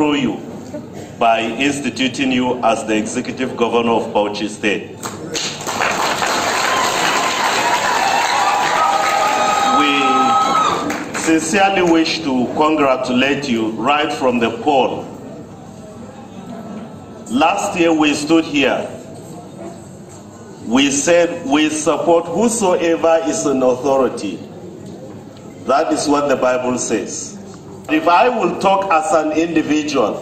through you by instituting you as the executive governor of Bauchi State. We sincerely wish to congratulate you right from the poll. Last year we stood here. We said we support whosoever is an authority. That is what the Bible says. If I will talk as an individual,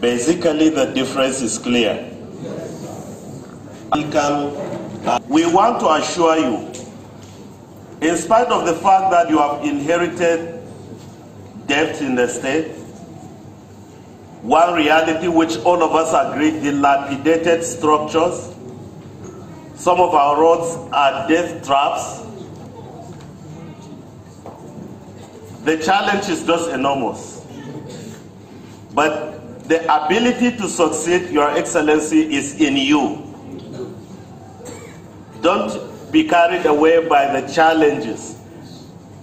basically the difference is clear. We want to assure you, in spite of the fact that you have inherited debt in the state, one reality which all of us agree, dilapidated structures, some of our roads are death traps, The challenge is just enormous. But the ability to succeed, Your Excellency, is in you. Don't be carried away by the challenges.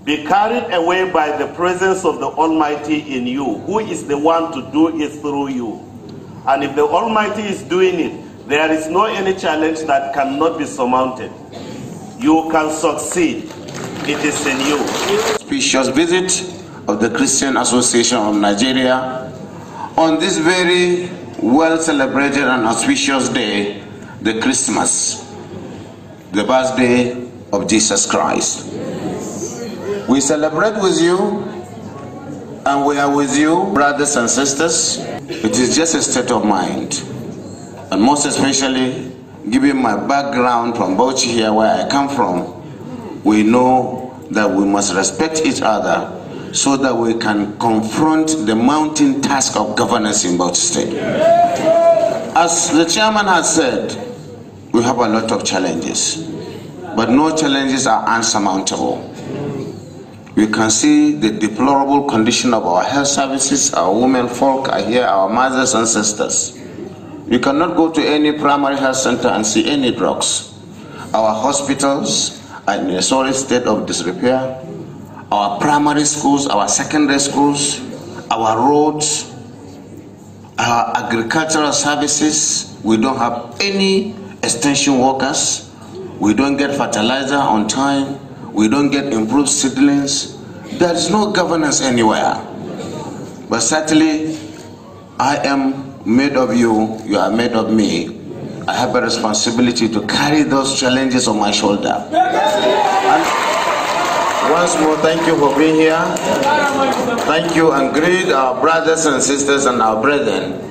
Be carried away by the presence of the Almighty in you, who is the one to do it through you. And if the Almighty is doing it, there is no any challenge that cannot be surmounted. You can succeed it is in you. Specious visit of the Christian Association of Nigeria on this very well celebrated and auspicious day, the Christmas, the birthday of Jesus Christ. We celebrate with you and we are with you, brothers and sisters. It is just a state of mind. And most especially, given my background from Bauchi here, where I come from, we know that we must respect each other so that we can confront the mounting task of governance in Bauchi State. As the chairman has said, we have a lot of challenges, but no challenges are unsurmountable. We can see the deplorable condition of our health services, our women folk are here, our mothers and sisters. You cannot go to any primary health center and see any drugs. Our hospitals, in a sorry state of disrepair. Our primary schools, our secondary schools, our roads, our agricultural services, we don't have any extension workers, we don't get fertilizer on time, we don't get improved seedlings. There is no governance anywhere. But certainly, I am made of you, you are made of me. I have a responsibility to carry those challenges on my shoulder. And once more, thank you for being here. Thank you and greet our brothers and sisters and our brethren.